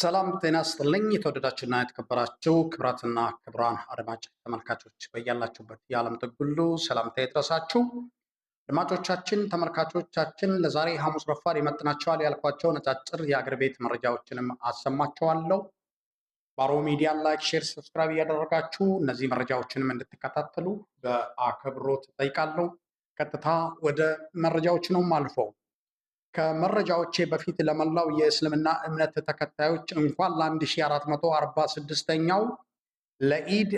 ሰላም ጤና ስጥልኝ። የተወደዳችሁና የተከበራችሁ ክብራትና ክብራን አድማጭ ተመልካቾች በያላችሁበት የዓለም ጥግ ሁሉ ሰላምታ ይድረሳችሁ። አድማጮቻችን፣ ተመልካቾቻችን ለዛሬ ሐሙስ ረፋድ ይመጥናቸዋል ያልኳቸው ነጫጭር የአገር ቤት መረጃዎችንም አሰማቸዋለሁ። ባሮ ሚዲያ ላይክ፣ ሼር፣ ሰብስክራይብ እያደረጋችሁ እነዚህ መረጃዎችንም እንድትከታተሉ በአክብሮት እጠይቃለሁ። ቀጥታ ወደ መረጃዎች ነው አልፈው ከመረጃዎቼ በፊት ለመላው የእስልምና እምነት ተከታዮች እንኳን ለ1446ኛው ለኢድ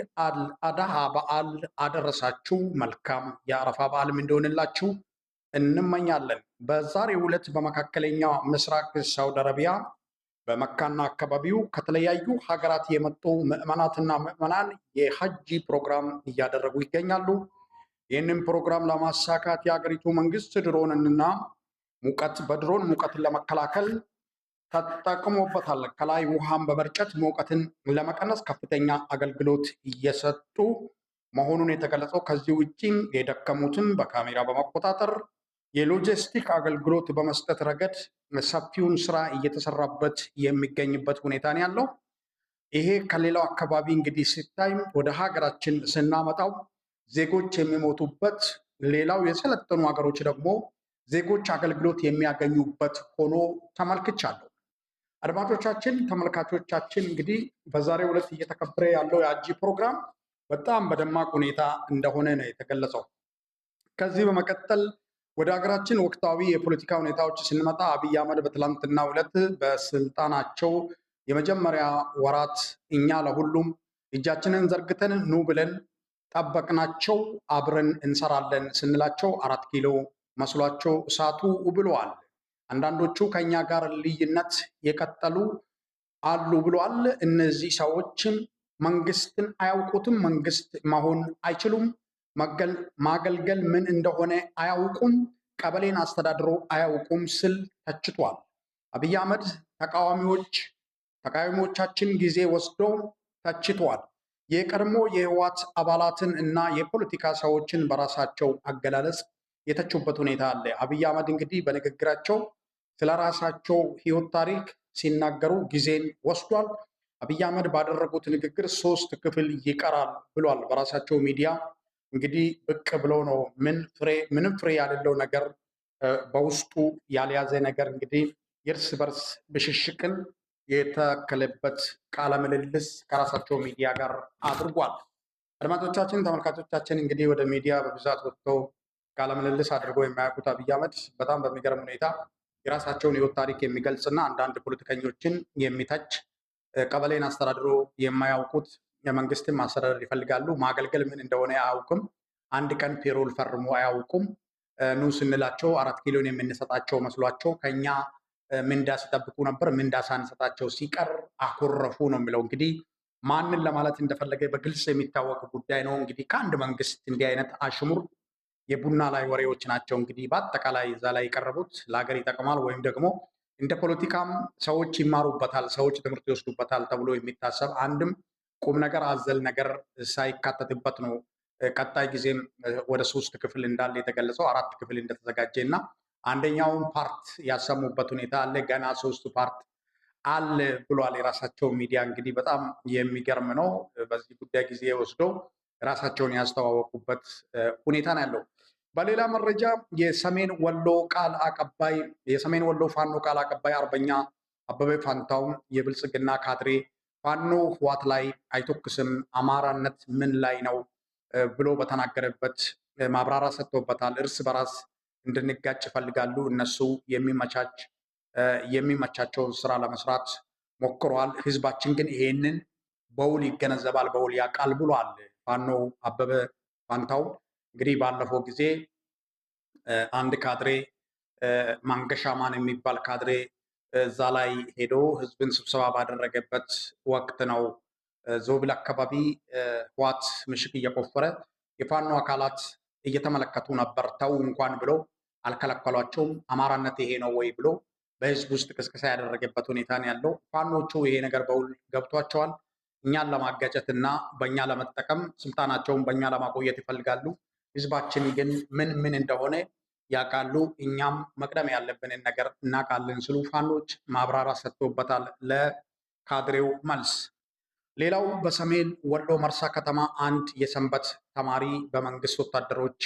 አድሃ በዓል አደረሳችሁ። መልካም የአረፋ በዓልም እንደሆንላችሁ እንመኛለን። በዛሬው ዕለት በመካከለኛ ምስራቅ ሳውዲ አረቢያ በመካና አካባቢው ከተለያዩ ሀገራት የመጡ ምዕመናትና ምዕመናን የሐጂ ፕሮግራም እያደረጉ ይገኛሉ። ይህንን ፕሮግራም ለማሳካት የሀገሪቱ መንግስት ድሮንንና ሙቀት በድሮን ሙቀትን ለመከላከል ተጠቅሞበታል። ከላይ ውሃን በመርጨት ሙቀትን ለመቀነስ ከፍተኛ አገልግሎት እየሰጡ መሆኑን የተገለጸው ከዚህ ውጭ የደከሙትን በካሜራ በመቆጣጠር የሎጂስቲክ አገልግሎት በመስጠት ረገድ ሰፊውን ስራ እየተሰራበት የሚገኝበት ሁኔታ ነው ያለው። ይሄ ከሌላው አካባቢ እንግዲህ ሲታይ ወደ ሀገራችን ስናመጣው ዜጎች የሚሞቱበት ሌላው የሰለጠኑ ሀገሮች ደግሞ ዜጎች አገልግሎት የሚያገኙበት ሆኖ ተመልክቻለሁ። አድማጮቻችን፣ ተመልካቾቻችን እንግዲህ በዛሬው ዕለት እየተከበረ ያለው የአጂ ፕሮግራም በጣም በደማቅ ሁኔታ እንደሆነ ነው የተገለጸው። ከዚህ በመቀጠል ወደ ሀገራችን ወቅታዊ የፖለቲካ ሁኔታዎች ስንመጣ አብይ አህመድ በትላንትና ዕለት በስልጣናቸው የመጀመሪያ ወራት እኛ ለሁሉም እጃችንን ዘርግተን ኑ ብለን ጠበቅናቸው፣ አብረን እንሰራለን ስንላቸው አራት ኪሎ መስሏቸው እሳቱ ብለዋል። አንዳንዶቹ ከእኛ ጋር ልዩነት የቀጠሉ አሉ ብለዋል። እነዚህ ሰዎችም መንግስትን አያውቁትም፣ መንግስት መሆን አይችሉም፣ ማገልገል ምን እንደሆነ አያውቁም፣ ቀበሌን አስተዳድሮ አያውቁም ስል ተችቷል። አብይ አህመድ ተቃዋሚዎች ተቃዋሚዎቻችን ጊዜ ወስዶ ተችቷል። የቀድሞ የህወሓት አባላትን እና የፖለቲካ ሰዎችን በራሳቸው አገላለጽ የተቹበት ሁኔታ አለ። አብይ አህመድ እንግዲህ በንግግራቸው ስለ ራሳቸው ህይወት ታሪክ ሲናገሩ ጊዜን ወስዷል። አብይ አህመድ ባደረጉት ንግግር ሶስት ክፍል ይቀራል ብሏል። በራሳቸው ሚዲያ እንግዲህ ብቅ ብለው ነው ምን ፍሬ ምንም ፍሬ ያሌለው ነገር በውስጡ ያልያዘ ነገር እንግዲህ የእርስ በርስ ብሽሽቅን የተከለበት ቃለ ምልልስ ከራሳቸው ሚዲያ ጋር አድርጓል። አድማጮቻችን፣ ተመልካቾቻችን እንግዲህ ወደ ሚዲያ በብዛት ወጥተው ቃለምልልስ አድርጎ የማያውቁት አብይ አህመድ በጣም በሚገርም ሁኔታ የራሳቸውን ህይወት ታሪክ የሚገልጽና አንዳንድ ፖለቲከኞችን የሚታች ቀበሌን አስተዳድሮ የማያውቁት የመንግስትን ማስተዳደር ይፈልጋሉ። ማገልገል ምን እንደሆነ አያውቅም። አንድ ቀን ፔሮል ፈርሞ አያውቁም። ኑ ስንላቸው አራት ኪሎን የምንሰጣቸው መስሏቸው ከኛ ምንዳ ሲጠብቁ ነበር። ምንዳ ሳንሰጣቸው ሲቀር አኮረፉ ነው የሚለው። እንግዲህ ማንን ለማለት እንደፈለገ በግልጽ የሚታወቅ ጉዳይ ነው። እንግዲህ ከአንድ መንግስት እንዲህ አይነት አሽሙር የቡና ላይ ወሬዎች ናቸው። እንግዲህ በአጠቃላይ እዛ ላይ የቀረቡት ለሀገር ይጠቅማል ወይም ደግሞ እንደ ፖለቲካም ሰዎች ይማሩበታል፣ ሰዎች ትምህርት ይወስዱበታል ተብሎ የሚታሰብ አንድም ቁም ነገር አዘል ነገር ሳይካተትበት ነው። ቀጣይ ጊዜም ወደ ሶስት ክፍል እንዳለ የተገለጸው አራት ክፍል እንደተዘጋጀ እና አንደኛውን ፓርት ያሰሙበት ሁኔታ አለ። ገና ሶስቱ ፓርት አለ ብሏል የራሳቸው ሚዲያ። እንግዲህ በጣም የሚገርም ነው። በዚህ ጉዳይ ጊዜ ወስዶ ራሳቸውን ያስተዋወቁበት ሁኔታ ነው ያለው። በሌላ መረጃ የሰሜን ወሎ ቃል አቀባይ የሰሜን ወሎ ፋኖ ቃል አቀባይ አርበኛ አበበ ፋንታው የብልጽግና ካድሬ ፋኖ ህዋት ላይ አይቶክስም አማራነት ምን ላይ ነው ብሎ በተናገረበት ማብራሪያ ሰጥቶበታል። እርስ በራስ እንድንጋጭ ይፈልጋሉ እነሱ የሚመቻች የሚመቻቸውን ስራ ለመስራት ሞክሯል። ህዝባችን ግን ይሄንን በውል ይገነዘባል፣ በውል ያውቃል ብሏል። ፋኖ አበበ ፋንታው እንግዲህ ባለፈው ጊዜ አንድ ካድሬ ማንገሻማን የሚባል ካድሬ እዛ ላይ ሄዶ ህዝብን ስብሰባ ባደረገበት ወቅት ነው ዞብል አካባቢ ህዋት ምሽግ እየቆፈረ የፋኖ አካላት እየተመለከቱ ነበር። ተው እንኳን ብሎ አልከለከሏቸውም። አማራነት ይሄ ነው ወይ ብሎ በህዝብ ውስጥ ቅስቀሳ ያደረገበት ሁኔታ ነው ያለው። ፋኖቹ ይሄ ነገር በውል ገብቷቸዋል። እኛን ለማጋጨት እና በእኛ ለመጠቀም ስልጣናቸውን በእኛ ለማቆየት ይፈልጋሉ። ህዝባችን ግን ምን ምን እንደሆነ ያውቃሉ። እኛም መቅደም ያለብንን ነገር እናውቃለን ስሉ ፋኖች ማብራሪያ ሰጥቶበታል። ለካድሬው መልስ ሌላው በሰሜን ወሎ መርሳ ከተማ አንድ የሰንበት ተማሪ በመንግስት ወታደሮች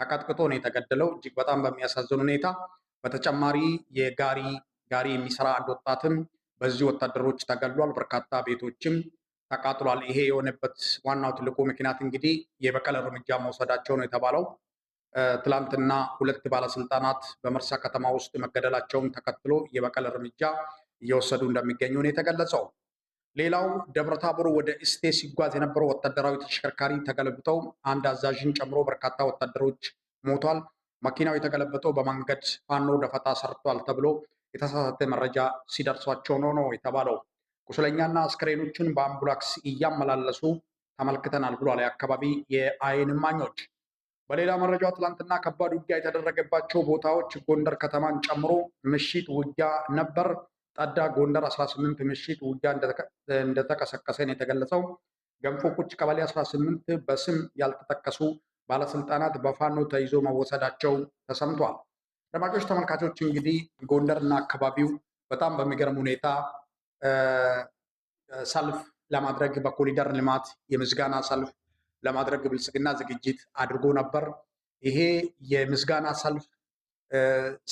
ተቀጥቅጦ ነው የተገደለው። እጅግ በጣም በሚያሳዝን ሁኔታ በተጨማሪ የጋሪ ጋሪ የሚሰራ አንድ ወጣትም በዚህ ወታደሮች ተገሏል። በርካታ ቤቶችም ተቃጥሏል። ይሄ የሆነበት ዋናው ትልቁ ምክንያት እንግዲህ የበቀል እርምጃ መውሰዳቸው ነው የተባለው። ትላንትና ሁለት ባለስልጣናት በመርሳ ከተማ ውስጥ መገደላቸውን ተከትሎ የበቀል እርምጃ እየወሰዱ እንደሚገኙ ነው የተገለጸው። ሌላው ደብረታቦር ወደ እስቴ ሲጓዝ የነበረው ወታደራዊ ተሽከርካሪ ተገለብጠው አንድ አዛዥን ጨምሮ በርካታ ወታደሮች ሞቷል። መኪናው የተገለበጠው በመንገድ ፋኖ ደፈጣ ሰርቷል ተብሎ የተሳሳተ መረጃ ሲደርሷቸው ነው ነው የተባለው። ቁስለኛና አስክሬኖችን በአምቡላክስ እያመላለሱ ተመልክተናል ብሏል የአካባቢ የአይን እማኞች። በሌላ መረጃ ትላንትና ከባድ ውጊያ የተደረገባቸው ቦታዎች ጎንደር ከተማን ጨምሮ ምሽት ውጊያ ነበር። ጠዳ ጎንደር 18 ምሽት ውጊያ እንደተቀሰቀሰ ነው የተገለጸው። ገንፎ ቀበሌ 18 በስም ያልተጠቀሱ ባለስልጣናት በፋኖ ተይዞ መወሰዳቸው ተሰምቷል። አድማጮች ተመልካቾች እንግዲህ ጎንደርና አካባቢው በጣም በሚገርም ሁኔታ ሰልፍ ለማድረግ በኮሊደር ልማት የምስጋና ሰልፍ ለማድረግ ብልጽግና ዝግጅት አድርጎ ነበር። ይሄ የምስጋና ሰልፍ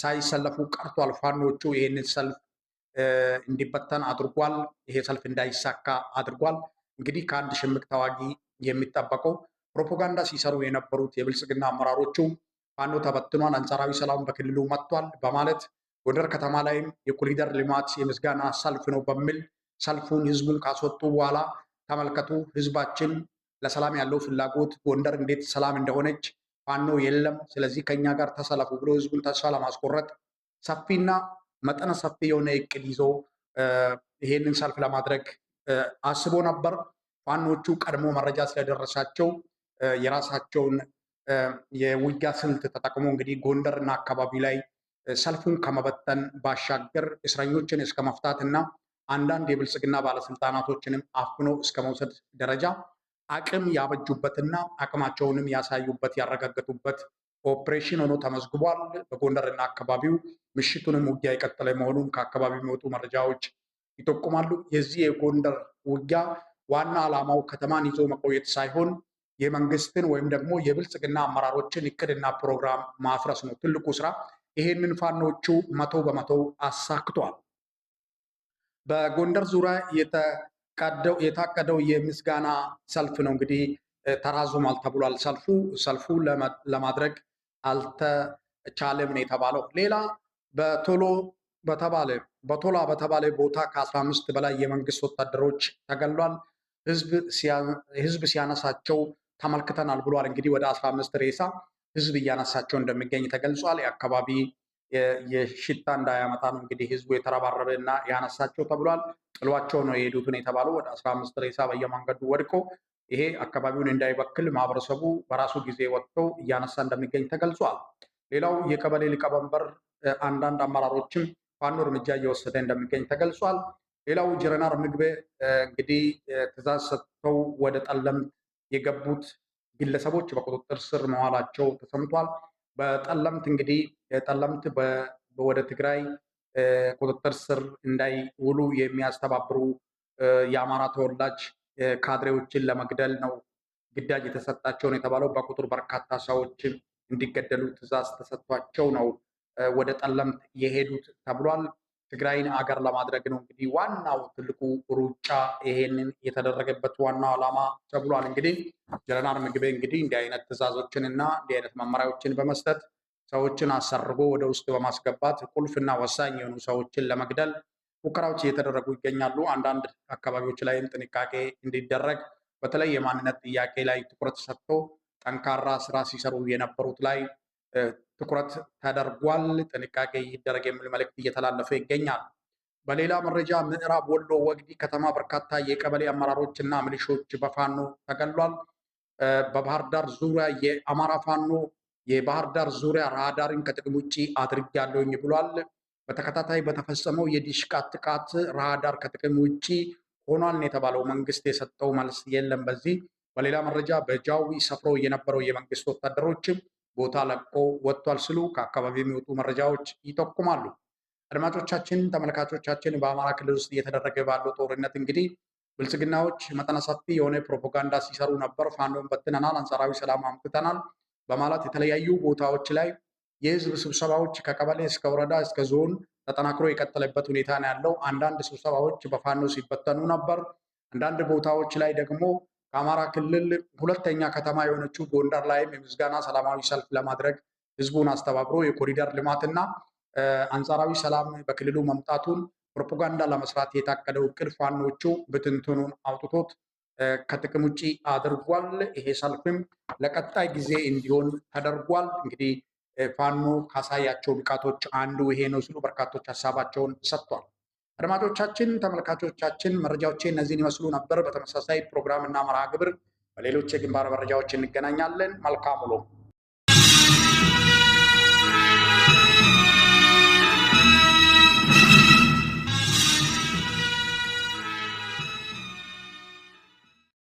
ሳይሰለፉ ቀርቷል። ፋኖቹ ይህንን ሰልፍ እንዲበተን አድርጓል። ይሄ ሰልፍ እንዳይሳካ አድርጓል። እንግዲህ ከአንድ ሽምቅ ተዋጊ የሚጠበቀው ፕሮፓጋንዳ ሲሰሩ የነበሩት የብልጽግና አመራሮቹ ፋኖ ተበትኗል፣ አንጻራዊ ሰላም በክልሉ መጥቷል በማለት ጎንደር ከተማ ላይም የኮሪደር ልማት የምስጋና ሰልፍ ነው በሚል ሰልፉን ህዝቡን ካስወጡ በኋላ ተመልከቱ፣ ህዝባችን ለሰላም ያለው ፍላጎት ጎንደር እንዴት ሰላም እንደሆነች ፋኖ የለም፣ ስለዚህ ከኛ ጋር ተሰለፉ ብሎ ህዝቡን ተስፋ ለማስቆረጥ ሰፊና መጠነ ሰፊ የሆነ እቅድ ይዞ ይሄንን ሰልፍ ለማድረግ አስቦ ነበር። ፋኖቹ ቀድሞ መረጃ ስለደረሳቸው የራሳቸውን የውጊያ ስልት ተጠቅሞ እንግዲህ ጎንደርና አካባቢ ላይ ሰልፉን ከመበተን ባሻገር እስረኞችን እስከ መፍታት እና አንዳንድ የብልጽግና ባለስልጣናቶችንም አፍኖ እስከ መውሰድ ደረጃ አቅም ያበጁበትና አቅማቸውንም ያሳዩበት ያረጋገጡበት ኦፕሬሽን ሆኖ ተመዝግቧል። በጎንደርና አካባቢው ምሽቱንም ውጊያ የቀጠለ መሆኑን ከአካባቢው የሚወጡ መረጃዎች ይጠቁማሉ። የዚህ የጎንደር ውጊያ ዋና ዓላማው ከተማን ይዞ መቆየት ሳይሆን የመንግስትን ወይም ደግሞ የብልጽግና አመራሮችን እቅድና ፕሮግራም ማፍረስ ነው። ትልቁ ስራ ይሄንን ፋኖቹ መቶ በመቶ አሳክቷል። በጎንደር ዙሪያ የታቀደው የምስጋና ሰልፍ ነው እንግዲህ ተራዞማል ተብሏል። ሰልፉ ሰልፉ ለማድረግ አልተቻለም ነው የተባለው። ሌላ በቶሎ በተባለ በቶላ በተባለ ቦታ ከ15 በላይ የመንግስት ወታደሮች ተገሏል። ህዝብ ሲያነሳቸው ተመልክተናል ብሏል። እንግዲህ ወደ 15 ። ሬሳ ህዝብ እያነሳቸው እንደሚገኝ ተገልጿል። የአካባቢ የሽታ እንዳያመጣ ነው እንግዲህ ህዝቡ የተረባረበ እና ያነሳቸው ተብሏል። ጥሏቸው ነው የሄዱትን የተባሉ ወደ አስራ አምስት ሬሳ በየመንገዱ ወድቆ ይሄ አካባቢውን እንዳይበክል ማህበረሰቡ በራሱ ጊዜ ወጥቶ እያነሳ እንደሚገኝ ተገልጿል። ሌላው የቀበሌ ሊቀመንበር አንዳንድ አመራሮችም ፋኖ እርምጃ እየወሰደ እንደሚገኝ ተገልጿል። ሌላው ጀረናር ምግቤ እንግዲህ ትዛዝ ሰጥተው ወደ ጠለምት የገቡት ግለሰቦች በቁጥጥር ስር መዋላቸው ተሰምቷል። በጠለምት እንግዲህ ጠለምት ወደ ትግራይ ቁጥጥር ስር እንዳይውሉ የሚያስተባብሩ የአማራ ተወላጅ ካድሬዎችን ለመግደል ነው ግዳጅ የተሰጣቸውን የተባለው በቁጥር በርካታ ሰዎች እንዲገደሉ ትዕዛዝ ተሰጥቷቸው ነው ወደ ጠለምት የሄዱት ተብሏል። ትግራይን አገር ለማድረግ ነው እንግዲህ ዋናው ትልቁ ሩጫ ይሄንን የተደረገበት ዋናው ዓላማ ተብሏል። እንግዲህ ጀነራል ምግቤ እንግዲህ እንዲህ አይነት ትእዛዞችን እና እንዲህ አይነት መመሪያዎችን በመስጠት ሰዎችን አሰርጎ ወደ ውስጥ በማስገባት ቁልፍና ወሳኝ የሆኑ ሰዎችን ለመግደል ሙከራዎች እየተደረጉ ይገኛሉ። አንዳንድ አካባቢዎች ላይም ጥንቃቄ እንዲደረግ በተለይ የማንነት ጥያቄ ላይ ትኩረት ሰጥቶ ጠንካራ ስራ ሲሰሩ የነበሩት ላይ ትኩረት ተደርጓል፣ ጥንቃቄ ይደረግ የሚል መልእክት እየተላለፈ ይገኛል። በሌላ መረጃ ምዕራብ ወሎ ወግዲ ከተማ በርካታ የቀበሌ አመራሮች እና ሚሊሾች በፋኖ ተገሏል። በባህር ዳር ዙሪያ የአማራ ፋኖ የባህር ዳር ዙሪያ ራዳርን ከጥቅም ውጭ አድርጊያለሁኝ ብሏል። በተከታታይ በተፈጸመው የዲሽቃ ጥቃት ራዳር ከጥቅም ውጭ ሆኗል የተባለው መንግስት የሰጠው መልስ የለም። በዚህ በሌላ መረጃ በጃዊ ሰፍረው የነበረው የመንግስት ወታደሮች ቦታ ለቆ ወጥቷል ሲሉ ከአካባቢው የሚወጡ መረጃዎች ይጠቁማሉ። አድማጮቻችን፣ ተመልካቾቻችን በአማራ ክልል ውስጥ እየተደረገ ባለው ጦርነት እንግዲህ ብልጽግናዎች መጠነ ሰፊ የሆነ ፕሮፓጋንዳ ሲሰሩ ነበር። ፋኖን በትነናል፣ አንጻራዊ ሰላም አምጥተናል በማለት የተለያዩ ቦታዎች ላይ የህዝብ ስብሰባዎች ከቀበሌ እስከ ወረዳ እስከ ዞን ተጠናክሮ የቀጠለበት ሁኔታ ነው ያለው። አንዳንድ ስብሰባዎች በፋኖ ሲበተኑ ነበር። አንዳንድ ቦታዎች ላይ ደግሞ ከአማራ ክልል ሁለተኛ ከተማ የሆነችው ጎንደር ላይም የምስጋና ሰላማዊ ሰልፍ ለማድረግ ህዝቡን አስተባብሮ የኮሪደር ልማትና አንጻራዊ ሰላም በክልሉ መምጣቱን ፕሮፓጋንዳ ለመስራት የታቀደው እቅድ ፋኖቹ ብትንትኑን አውጥቶት ከጥቅም ውጭ አድርጓል። ይሄ ሰልፍም ለቀጣይ ጊዜ እንዲሆን ተደርጓል። እንግዲህ ፋኖ ካሳያቸው ብቃቶች አንዱ ይሄ ነው ሲሉ በርካቶች ሀሳባቸውን ሰጥቷል። አድማጮቻችን፣ ተመልካቾቻችን መረጃዎች እነዚህን ይመስሉ ነበር። በተመሳሳይ ፕሮግራም እና መርሃ ግብር በሌሎች የግንባር መረጃዎች እንገናኛለን። መልካም ውሎ